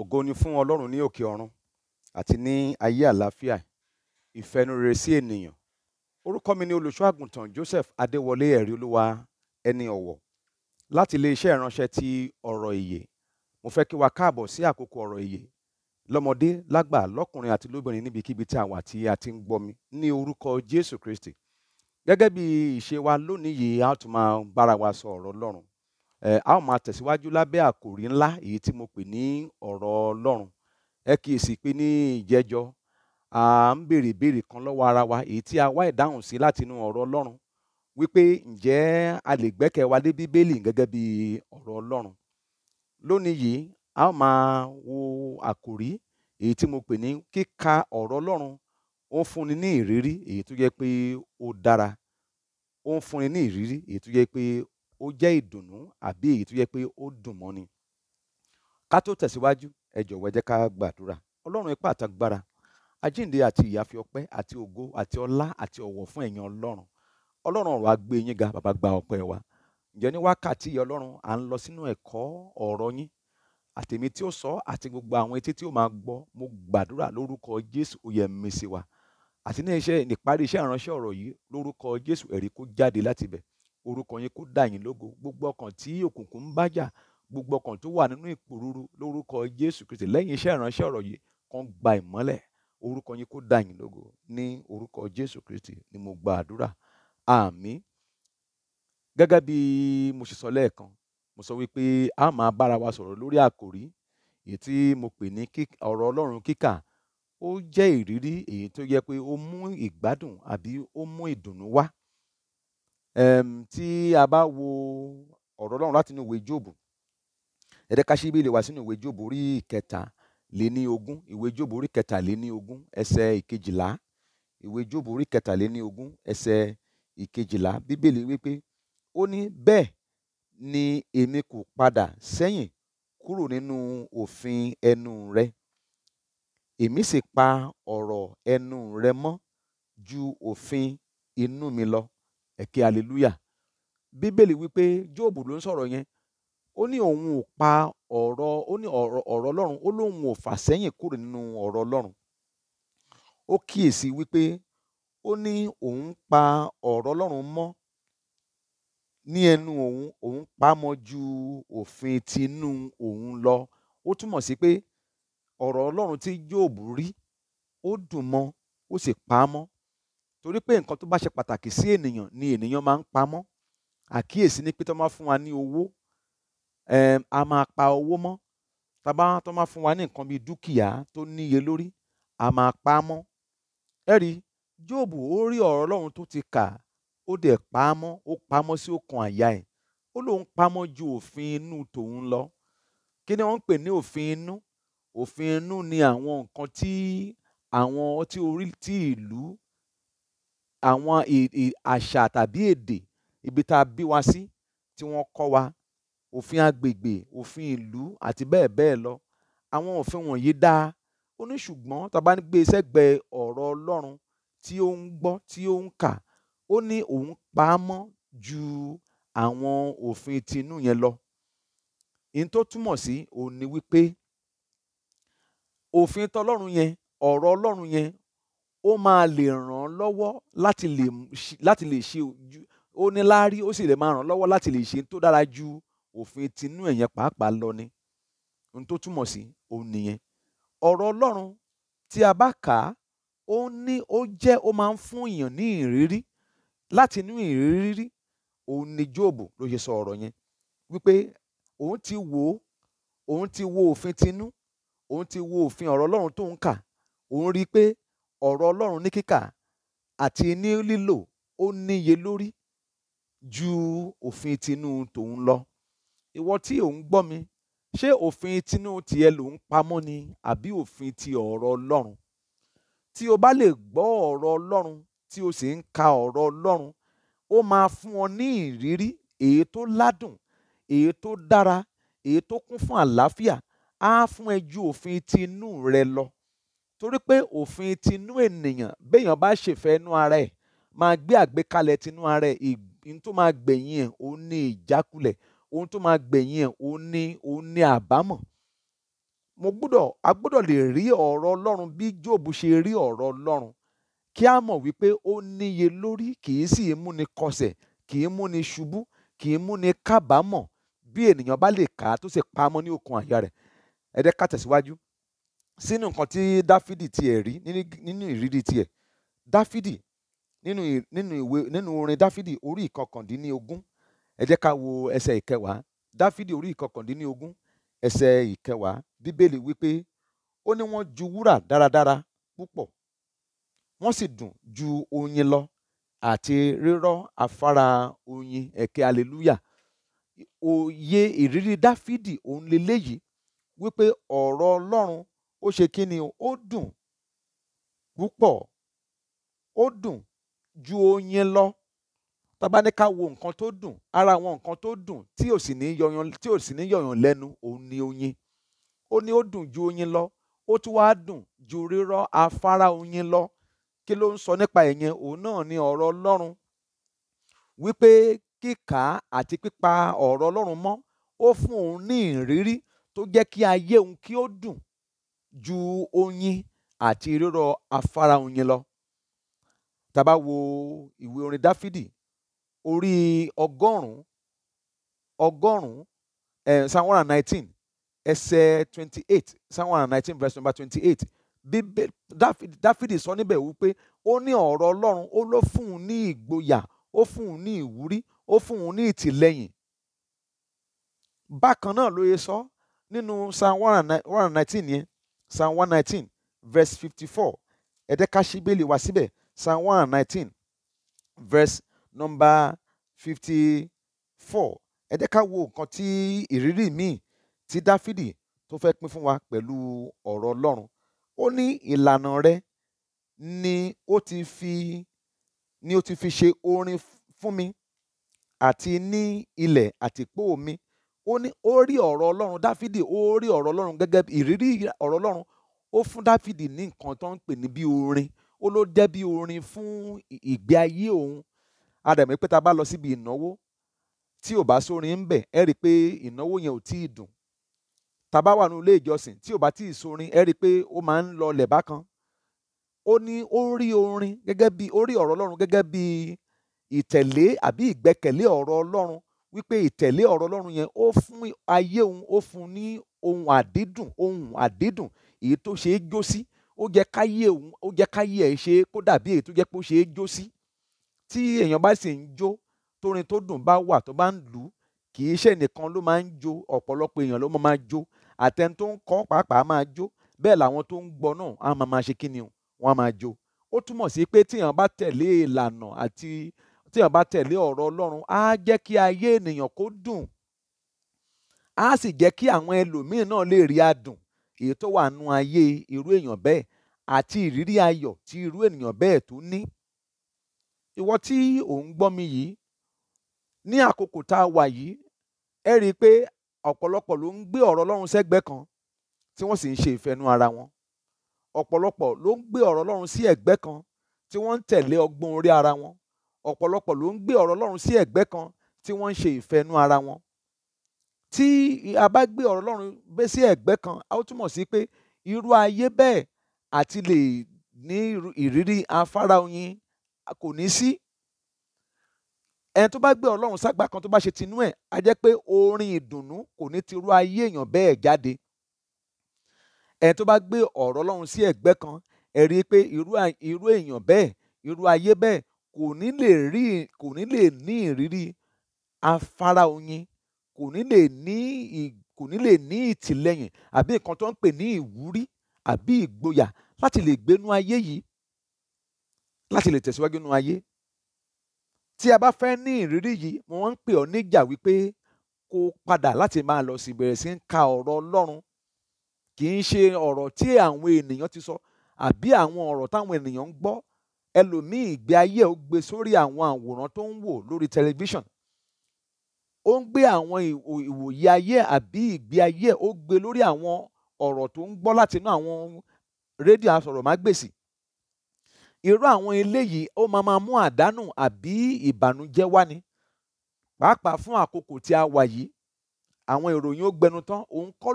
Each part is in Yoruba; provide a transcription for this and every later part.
ògo ni fún ọlọ́run ní òkè ọ̀run àti ní ayé àlàáfíà ìfẹnurere sí ènìyàn orúkọ mi ni olùṣọ́ àgùntàn Joseph Adéwọlé ẹ̀rí olúwa ẹni ọ̀wọ̀ láti iléeṣẹ́ ìránṣẹ́ ti ọ̀rọ̀ ìyè mo fẹ́ kí wa káàbọ̀ sí àkókò ọ̀rọ̀ ìyè lọ́mọdé lágbà lọ́kùnrin àti lóbìnrin níbikíbi tí a wà tí a ti ń gbọ́ mi ní orúkọ Jésù Kristi gẹ́gẹ́ bí ìṣe wa lónìí yìí a tún máa bára wa sọ ọ̀rọ̀ Ọlọ́run a ó máa tẹ̀síwájú lábẹ́ àkòrí ńlá èyí tí mo pè ní ọ̀rọ̀ ọlọ́run ẹ kì í sì pé ní ìjẹjọ à ń béèrè ìbéèrè kan lọ́wọ́ ara wa èyí tí a wá ìdáhùn sí láti látinú ọ̀rọ̀ ọlọ́run wípé ǹjẹ́ a lè gbẹ́kẹ̀ wa lé bíbélì gẹ́gẹ́ bí ọ̀rọ̀ ọlọ́run lónìí yìí a máa wo àkòrí èyí tí mo pè ní kíka ọ̀rọ̀ ọlọ́run ó ń fúnni ní ìrírí èyí tó yẹ pé ó dára ó ń fúnni ní ìrírí èyí tó yẹ pé ó jẹ́ ìdùnnú àbí èyí tó yẹ pé ó dùn mọ́ni ká tó tẹ̀síwájú ẹ jọ̀wọ́ ẹ jẹ́ ká gbàdúrà ọlọ́run ipá àtagbára àjíǹde àti ìyáfi ọpẹ́ àti ògo àti ọlá àti ọ̀wọ̀ fún ẹ̀yin ọlọ́run ọlọ́run ọ̀rọ̀ agbé yín ga bàbá gba ọpẹ́ wa ǹjẹ́ ní wákàtí yìí ọlọ́run à ń lọ sínú ẹ̀kọ́ ọ̀rọ̀ yín àtèmi tí ó sọ àti gbogbo àwọn etí tí ó máa gbọ́ mo gbàdúrà lórúkọ jésù oyè wa àti ní iṣẹ́ ìparí iṣẹ́ ìránṣẹ́ ọ̀rọ̀ yìí lórúkọ jésù ẹ̀rí kó jáde láti bẹ̀ orúkọ yín kó dà yín lógo gbogbo ọkàn tí òkùnkùn ń bá jà gbogbo ọkàn tó wà nínú ìpòrúru lórúkọ jésù kristi lẹ́yìn iṣẹ́ ìránṣẹ́ ọ̀rọ̀ yìí kan gba ìmọ́lẹ̀ orúkọ yín kó dà yín lógo ní orúkọ jésù kristi ni mo gba àdúrà àmín gẹ́gẹ́ bí mo ṣe sọ lẹ́ẹ̀kan mo sọ wípé a máa bára wa sọ̀rọ̀ lórí àkòrí èyí tí mo pè ní ọ̀rọ̀ ọlọ́run kíkà ó jẹ́ ìrírí èyí tó yẹ pé ó mú ìgbádùn àbí ó mú ìdùnnú wá um tí a bá wo ọ̀rọ̀ ọlọ́run látinú ìwé jóòbù ẹ jẹ́ ká ṣí bíbélì wá sínú ìwé jóòbù orí kẹta lé ní ogún ìwé jóòbù orí kẹta lé ní ogún ẹsẹ̀ ìkejìlá ìwé jóòbù orí kẹta lé ní ogún ẹsẹ̀ ìkejìlá bíbélì wípé ó ní bẹ́ẹ̀ ni èmi kò padà sẹ́yìn kúrò nínú òfin ẹnu rẹ èmi sì pa ọ̀rọ̀ ẹnu rẹ mọ́ ju òfin inú mi lọ ẹ̀kẹ́ hallelujah bíbélì wípé jóòbù ló ń sọ̀rọ̀ yẹn ó ní òun ò pa ọ̀rọ̀ ó ní ọ̀rọ̀ ọlọ́run ó lóun ò fà sẹ́yìn kúrò nínú ọ̀rọ̀ ọlọ́run ó kíyèsí wípé ó ní òun pa ọ̀rọ̀ ọlọ́run mọ́ ní ẹnu òun òun pa mọ́ ju òfin tinú òun lọ ó túmọ̀ sí pé ọ̀rọ̀ ọlọ́run tí Jóòbù rí ó dùn mọ́ ó sì pa á mọ́ torí pé nǹkan tó bá ṣe pàtàkì sí ènìyàn ni ènìyàn máa ń pamọ́ àkíyèsí ni pé tó máa fún wa ní owó eh, a máa pa owó mọ́ tàbá tó máa fún wa ní nǹkan bíi dúkìá tó níye lórí a máa pa á mọ́ ẹ rí Jóòbù ó rí ọ̀rọ̀ Ọlọ́run tó ti kà ó dẹ̀ pa á mọ́ ó pa á mọ́ sí ọkàn àyà ẹ̀ ó lóun pa á mọ́ ju òfin inú tòun lọ kí ni wọ́n ń pè ní òfin inú òfin inú ni àwọn nǹkan tí àwọn tí orí tí ìlú àwọn àṣà tàbí èdè ibi tá a bí wa sí tí wọ́n kọ́ wa òfin agbègbè òfin ìlú àti bẹ́ẹ̀ bẹ́ẹ̀ lọ àwọn òfin wọ̀nyí dáa ó ní ṣùgbọ́n tá a bá gbé e sẹ́gbẹ̀ẹ́ ọ̀rọ̀ Ọlọ́run tí ó ń gbọ́ tí ó ń kà ó ní òun pa á mọ́ ju àwọn òfin tinú yẹn lọ in tó túmọ̀ sí òun ni wípé òfin tọlọ́run yẹn ọ̀rọ̀ Ọlọ́run yẹn ó máa lè ràn án lọ́wọ́ láti lè láti lè ṣe ó ní láárí ó sì lè máa ràn án lọ́wọ́ láti lè ṣe tó dára ju òfin tinú ẹ̀yẹn pàápàá lọ ni ohun tó túmọ̀ sí òun nìyẹn ọ̀rọ̀ ọlọ́run tí a bá kà á ó ní ó jẹ́ ó máa ń fún èèyàn ní ìrírí láti inú ìrírí òun ni jóòbù ló ṣe sọ ọ̀rọ̀ yẹn wípé òun ti wò ó òun ti wo òfin tinú òun ti wo òfin ọ̀rọ̀ ọlọ́run tó ń kà òun rí i pé ọ̀rọ̀ ọlọ́run ní kíkà àti ní lílò ó níye lórí ju òfin tinú tòun lọ ìwọ tí ò ń gbọ́ mi ṣé òfin tinú tiẹ̀ ló ń pamọ́ ni àbí òfin ti ọ̀rọ̀ ọlọ́run tí o bá lè gbọ́ ọ̀rọ̀ ọlọ́run tí o sì ń ka ọ̀rọ̀ ọlọ́run ó máa fún ọ ní ìrírí èyí tó ládùn èyí tó dára èyí tó kún fún àlàáfíà á fún ẹ ju òfin tinú rẹ lọ torí pé òfin tinú ènìyàn béèyàn bá ṣèfẹ́ inú ara ẹ̀ máa gbé àgbékalẹ̀ tinú ara ẹ̀ ohun tó máa gbẹ̀yìn ẹ̀ òun ní ìjákulẹ̀ ohun tó máa gbẹ̀yìn ẹ̀ òun ní òun ní àbámọ̀ mo gbọ́dọ̀ a gbọ́dọ̀ lè rí ọ̀rọ̀ ọlọ́run bí Jóòbù ṣe rí ọ̀rọ̀ ọlọ́run kí a mọ̀ wípé ó níye lórí kì í sì múni kọsẹ̀ kì í múni ṣubú kì í múni kábàámọ̀ bí ènìyàn bá lè kà á tó sì pamọ́ ní okùn àyà rẹ̀ ẹ tẹ̀síwájú sínú nǹkan tí dáfídì tiẹ̀ rí nínú ìrírí tiẹ̀ dáfídì nínú nínú ìwé nínú orin dáfídì orí ìkọkàndínlógún ẹ jẹ́ ká wo ẹsẹ̀ ìkẹwàá dáfídì orí ìkọkàndínlógún ẹsẹ̀ ìkẹwàá bíbélì wípé ó ní wọ́n ju wúrà dáradára púpọ̀ wọ́n sì dùn ju oyin lọ àti rírọ́ afárá oyin ẹ̀kẹ́ hallelujah òye ìrírí dáfídì òun leléyìí wípé ọ̀rọ̀ ọlọ́run ó ṣe kí ni ó dùn púpọ̀ ó dùn ju oyin lọ tá ní ká wo nǹkan tó dùn ara àwọn nǹkan tó dùn tí ò sì ní yọyan tí ò sì ní yọyan lẹ́nu òun ni oyin ó ní ó dùn ju oyin lọ ó tún wá dùn ju rírọ́ afárá oyin lọ kí ló ń sọ nípa ìyẹn òun náà ni ọ̀rọ̀ Ọlọ́run wípé kíkà àti pípa ọ̀rọ̀ Ọlọ́run mọ́ ó fún òun ní ìrírí tó jẹ́ kí ayé òun kí ó dùn ju oyin àti rírọ̀ afárá oyin lọ tá a bá wo ìwé orin dáfídì orí ọgọ́rùn-ún ọgọ́rùn-ún eh, psalm one hundred nineteen ẹsẹ̀ twenty eight psalm one hundred nineteen verse number twenty eight bíbẹ dáfídì sọ níbẹ̀ wípé ó ní ọ̀rọ̀ ọlọ́run ó ló fún un ní ìgboyà ó fún un ní ìwúrí ó fún un ní ìtìlẹ́yìn bákan náà ló yẹ sọ nínú psalm one hundred nineteen yẹn psalm 1:19, verse 54. Edeka shibeli wasibe. psalm 1:19, verse number 54. Edeka wo nǹkan tí ìrírí míì tí dáfídì tó fẹ́ pín fún wa pẹ̀lú ọ̀rọ̀ ọlọ́run ó ní ìlànà rẹ ni ó ti fi ni ó ti fi ṣe orin fún mi àti ní ilẹ̀ àtìpó mi ó ní ó rí ọ̀rọ̀ ọlọ́run dáfídì ó rí ọ̀rọ̀ ọlọ́run gẹ́gẹ́ ìrírí ọ̀rọ̀ ọlọ́run ó fún dáfídì ní nǹkan tó ń pè ní bí orin ó ló jẹ́ bí orin fún ìgbé ayé òun adàmí pé ta bá lọ síbi ìnáwó tí ò bá sórin ń bẹ̀ ẹ rí i pé ìnáwó yẹn ò tí ì dùn ta bá wà ní ilé ìjọsìn tí ò bá tí ì sórin ẹ rí i pé ó máa ń lọ lẹ̀ bákan ó ní ó rí orin gẹ́gẹ́ bí ó rí ọ̀rọ̀ ọlọ́run gẹ́gẹ́ bí ìtẹ̀lé àbí ìgbẹ́kẹ̀lé ọ̀rọ̀ ọlọ́run wípé ìtẹ̀lé ọ̀rọ̀ ọlọ́run yẹn ó fún ayé òun ó fún ní ohun àdídùn ohun àdídùn èyí tó ṣe é jó sí ó jẹ́ káyé òun ó jẹ́ káyé ẹ̀ ṣe kó dàbí èyí tó jẹ́ pé ó ṣe é jó sí tí èèyàn bá sì ń jó tórin tó dùn bá wà tó bá ń lù ú kì í ṣe nìkan ló máa ń jó ọ̀pọ̀lọpọ̀ èèyàn ló máa jó àtẹni tó ń kọ́ pàápàá máa jó bẹ́ẹ̀ làwọn tó ń gbọ́ náà á máa ṣe kíni wọ́n á máa jó ó túmọ̀ sí pé tí èèyàn bá tẹ̀lé ìlànà àti tí èèyàn bá tẹ̀lé ọ̀rọ̀ ọlọ́run á jẹ́ kí ayé ènìyàn kó dùn á sì jẹ́ kí àwọn ẹlòmíín náà lè rí adùn èyí tó wà nú ayé irú èèyàn bẹ́ẹ̀ àti ìrírí ayọ̀ tí irú ènìyàn bẹ́ẹ̀ tó ní. ìwọ tí ò ń gbọ́ mi yìí ní àkókò tá a wà yìí ẹ rí i pé ọ̀pọ̀lọpọ̀ ló ń gbé ọ̀rọ̀ ọlọ́run sẹ́gbẹ́ kan tí wọ́n sì ń ṣe ìfẹ́nu ara wọn ọ̀pọ̀lọpọ̀ ló ń gbé ọ̀rọ̀ ọlọ́run sí ẹ̀gbẹ́ kan tí wọ́n ń tẹ̀lé ọgbọ́n orí ara wọn ọ̀pọ̀lọpọ̀ ló ń gbé ọ̀rọ̀ Ọlọ́run sí ẹ̀gbẹ́ kan tí wọ́n ń ṣe ìfẹ́nú ara wọn tí a bá gbé ọ̀rọ̀ Ọlọ́run gbé sí ẹ̀gbẹ́ kan a ó túmọ̀ sí pé irú ayé bẹ́ẹ̀ àti lè ní ìrírí afárá oyin kò ní sí ẹni tó bá gbé Ọlọ́run ságbá kan tó bá ṣe tinú ẹ̀ á jẹ́ pé orin ìdùnnú kò ní ti irú ayé èèyàn bẹ́ẹ̀ jáde ẹni tó bá gbé ọ̀rọ̀ Ọlọ́run sí ẹ̀gbẹ́ kan ẹ rí i pé irú èèyàn bẹ́ẹ̀ irú ayé bẹ́ẹ̀ kò ní lè rí kò ní lè ní ìrírí afárá oyin kò ní lè ní kò ní lè ní ìtìlẹ́yìn àbí nǹkan tó ń pè ní ìwúrí àbí ìgboyà láti lè gbénú ayé yìí láti lè tẹ̀síwájú nínú ayé tí a bá fẹ́ ní ìrírí yìí mo wọ́n ń pè ọ́ níjà wípé kó padà láti máa lọ sí bẹ̀rẹ̀ sí ń ka ọ̀rọ̀ Ọlọ́run kì í ṣe ọ̀rọ̀ tí àwọn ènìyàn ti sọ àbí àwọn ọ̀rọ̀ táwọn ènìyàn ń gbọ́ ẹlòmíì ìgbé ayé ẹ̀ ó gbé sórí àwọn àwòrán tó ń wò lórí tẹlifíṣàn ó ń gbé àwọn ìwòye ayé àbí ìgbé ayé ẹ̀ ó gbé lórí àwọn ọ̀rọ̀ tó ń gbọ́ látinú àwọn rédíò asọ̀rọ̀mágbèsì irú àwọn eléyìí ó máa máa mú àdánù àbí ìbànújẹ́ wá ni pàápàá fún àkókò tí a wà yìí àwọn ìròyìn ó gbẹnu tán òun kọ́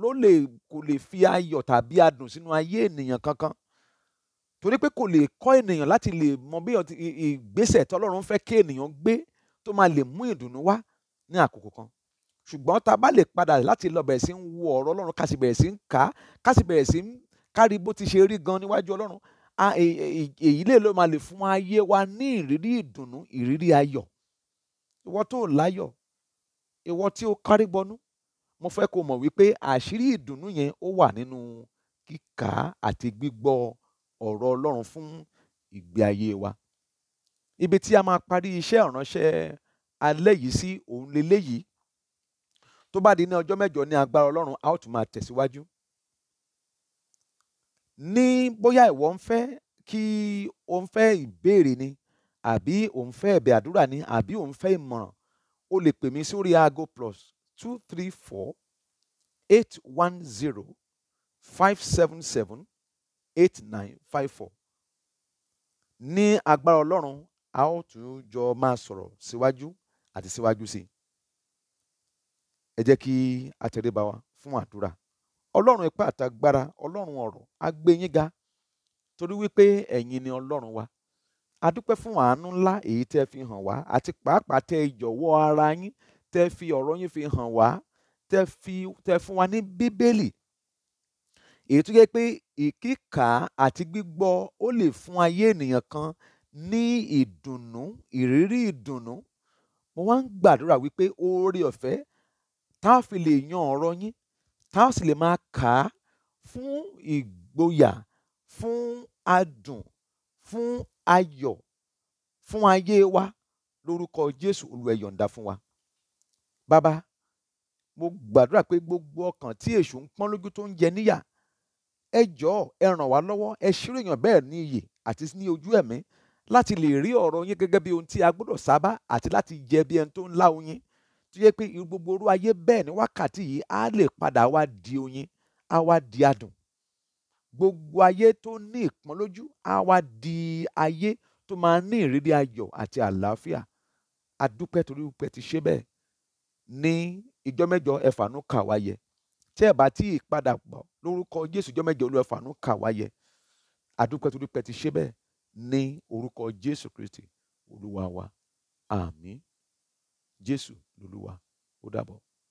ló lè kò lè fi ayọ̀ tàbí adùn sínú ayé ènìyàn kankan torí pé kò lè kọ́ ènìyàn láti lè mọ bí ìgbésẹ̀ tọ́lọ́run fẹ́ kí ènìyàn gbé tó máa lè mú ìdùnnú wá ní àkókò kan ṣùgbọ́n tá a bá lè padà láti lọ bẹ̀rẹ̀ sí ń wo ọ̀rọ̀ ọlọ́run ká sì bẹ̀rẹ̀ sí ń kà á ká sì bẹ̀rẹ̀ sí ń kárí bó ti ṣe rí gan níwájú ọlọ́run èyí lè ló máa lè fún ayé wa ní ìrírí ìdùnnú ìrírí ayọ̀ ìwọ tó láyọ̀ ìwọ tí ó kárí gbọnú mo fẹ́ kó mọ̀ wípé àṣírí ìdùnnú yẹn ó wà nínú kíkà àti gbígbọ́ ọ̀rọ̀ Ọlọ́run fún ìgbé ayé wa ibi tí a máa parí iṣẹ́ ìránṣẹ́ alẹ́ yìí sí òun leléyìí tó bá di ní ọjọ́ mẹ́jọ ní agbára Ọlọ́run a ó tún máa tẹ̀síwájú ní bóyá ìwọ ń fẹ́ kí o ń fẹ́ ìbéèrè ni àbí o ń fẹ́ ẹ̀bẹ̀ àdúrà ni àbí o ń fẹ́ ìmọ̀ràn o lè pè mí sórí aago plus two three four eight one zero five seven seven eight nine five four ní agbára ọlọ́run a ó tún jọ máa sọ̀rọ̀ síwájú àti síwájú sí i ẹ jẹ́ kí a tẹríba wa fún àdúrà ọlọ́run ipá àtagbára ọlọ́run ọ̀rọ̀ á gbé yín ga torí wípé ẹ̀yin ni ọlọ́run wa a dúpẹ́ fún àánú ńlá èyí tẹ́ fi hàn wá àti pàápàá tẹ́ ìjọ̀wọ́ ara yín tẹ́ fi ọ̀rọ̀ yín fi hàn wá tẹ́ fún wa ní bíbélì èyí tó jẹ́ pé ìkíkà àti gbígbọ́ ó lè fún ayé ènìyàn kan ní ìdùnnú ìrírí ìdùnnú mo wá ń gbàdúrà wípé oore ọ̀fẹ́ tá a fi lè yan ọ̀rọ̀ yín tá a sì lè máa kà á fún ìgboyà fún adùn fún ayọ̀ fún ayé wa lórúkọ Jésù olùẹ̀yọ̀ǹda fún wa bàbá mo gbàdúrà pé gbogbo ọkàn tí èṣù ń pọ́n lójú tó ń jẹ níyà ẹ jọ̀ọ́ ẹ ràn wá lọ́wọ́ ẹ ṣírò èèyàn bẹ́ẹ̀ ní iyì àti ní ojú ẹ̀mí láti lè rí ọ̀rọ̀ yín gẹ́gẹ́ bí ohun tí a gbọ́dọ̀ sábà àti láti jẹ bí ẹni tó ń lá oyin tó yẹ pé gbogbo orú ayé bẹ́ẹ̀ ní wákàtí yìí á lè padà wá di oyin á wá di adùn gbogbo ayé tó ní ìpọ́nlójú á wá di ayé tó máa ní ìrírí ayọ̀ àti àlàáfíà adúpẹ́ torí pé ti ṣe bẹ́ẹ̀ ní ìjọ mẹ́jọ ẹ̀fà nù kà tí ẹ bá tí ì padà bọ̀ lórúkọ jésù jọ́ mẹ́jọ olú ẹ̀fà nù kà wáyẹ àdúpẹ́ tó dúpẹ́ ti ṣe bẹ́ẹ̀ ní orúkọ jésù kristi olúwa wa àmín jésù lolúwa ó dàbọ̀.